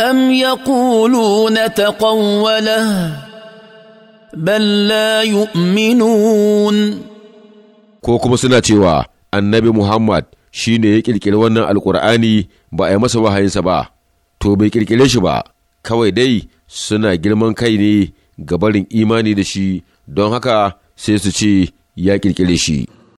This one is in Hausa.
أم يقولون تقوله بل لا يؤمنون ko kuma suna cewa annabi Muhammad shi ne ya ƙirƙiri wannan alƙur'ani ba a yi masa wahayinsa ba, to bai ƙirƙire shi ba, kawai dai suna girman kai ne ga barin imani da shi don haka sai su ce ya ƙirƙire shi.